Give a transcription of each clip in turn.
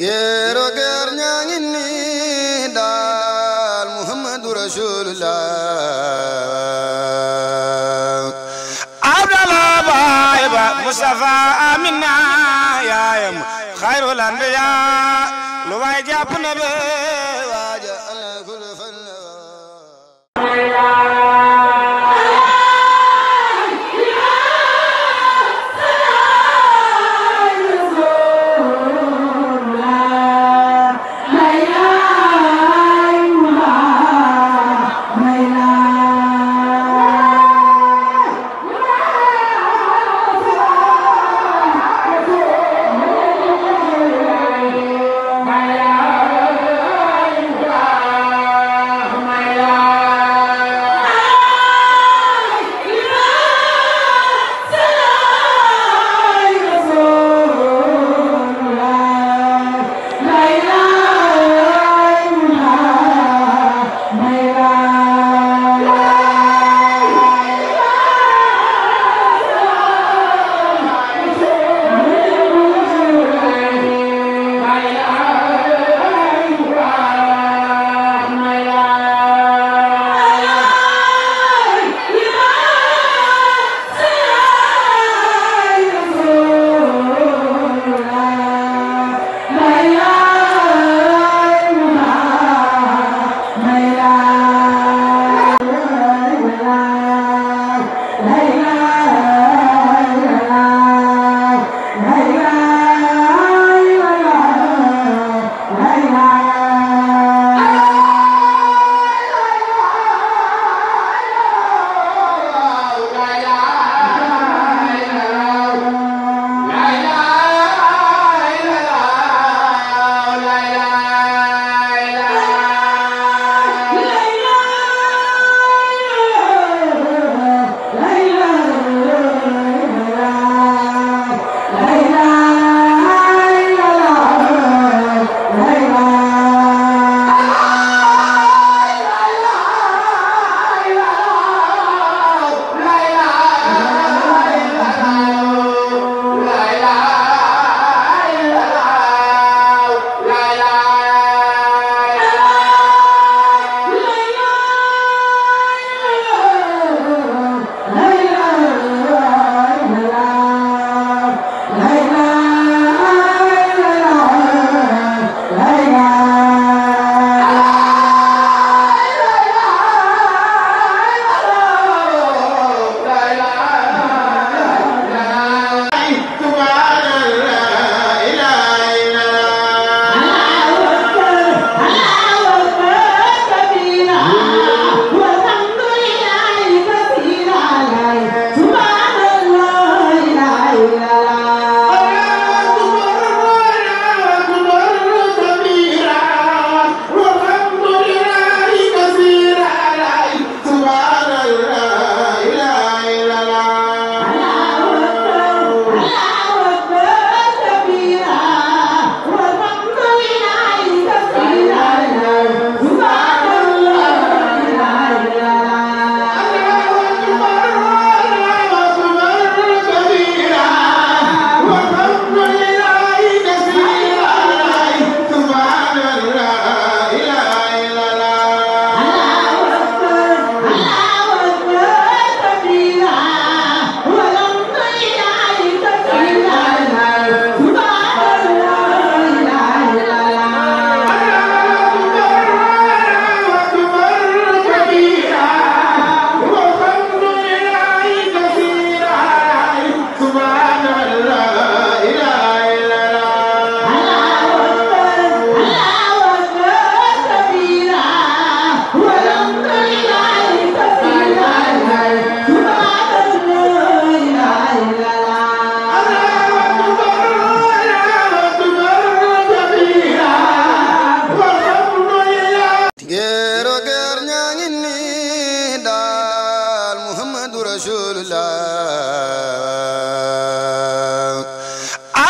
géero géer ñaa ngi nii daal muhammadu rasulullah abdallah baay ba mustafa amina yaayam xayrul anbiya lu waay jàpp na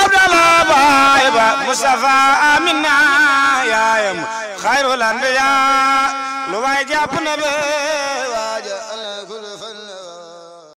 abdallah baay ba mustafa amina yaayam xayrul anbiya lu waay jàpp na be